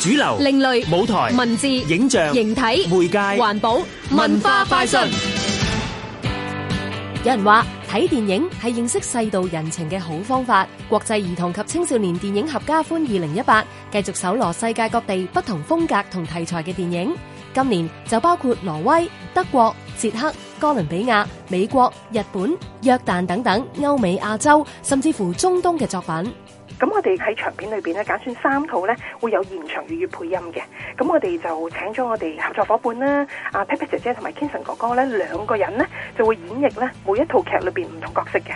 主流、另類、舞台、文字、影像、形體、媒介、環保、文化快訊。有人話，睇電影係認識世道人情嘅好方法。國際兒童及青少年電影合家歡二零一八，繼續搜羅世界各地不同風格同題材嘅電影。今年就包括挪威、德國、捷克。哥倫比亞、美國、日本、約旦等等，歐美、亞洲，甚至乎中東嘅作品。咁我哋喺長片裏邊咧，揀選三套咧，會有現場粵語配音嘅。咁我哋就請咗我哋合作夥伴啦，阿、啊、Pepe 姐姐同埋 Kinson 哥哥咧，兩個人咧就會演繹咧每一套劇裏邊唔同角色嘅。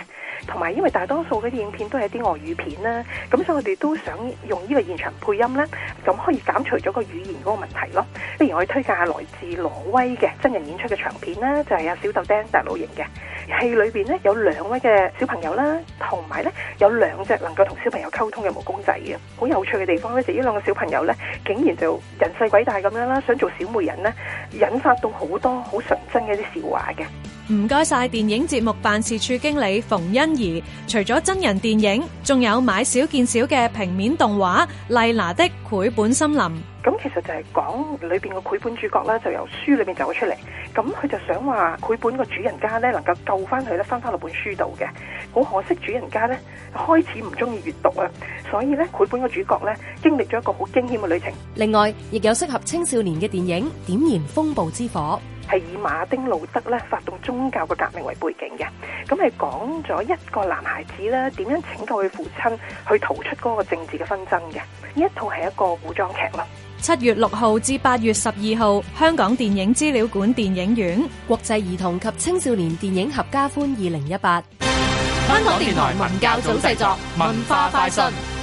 同埋，因為大多數嗰啲影片都係啲外語片啦，咁所以我哋都想用呢個現場配音啦，咁可以減除咗個語言嗰個問題咯。例如，我哋推介來自挪威嘅真人演出嘅長片啦，就係、是、阿小豆丁大老型嘅戲裏面咧，有兩位嘅小朋友啦，同埋咧有兩隻能夠同小朋友溝通嘅毛公仔嘅，好有趣嘅地方咧就呢、是、兩個小朋友咧，竟然就人世鬼大人細鬼大咁樣啦，想做小媒人咧，引發到好多好純真嘅啲笑話嘅。唔該晒電影節目辦事處經理馮欣怡。除咗真人電影，仲有買少見少嘅平面動畫麗娜的繪本森林。咁其實就係講裏邊嘅繪本主角咧，就由書裏邊走出嚟。咁佢就想話繪本個主人家咧，能夠救翻佢咧，翻翻落本書度嘅。好可惜主人家咧開始唔中意閱讀啊，所以咧繪本個主角咧經歷咗一個好驚險嘅旅程。另外亦有適合青少年嘅電影《點燃風暴之火》。係以馬丁路德咧發動宗教嘅革命為背景嘅，咁係講咗一個男孩子咧點樣拯救佢父親去逃出嗰個政治嘅紛爭嘅。呢一套係一個古裝劇咯。七月六號至八月十二號，香港電影資料館電影院國際兒童及青少年電影合家歡二零一八。香港電台文教組製作文化快訊。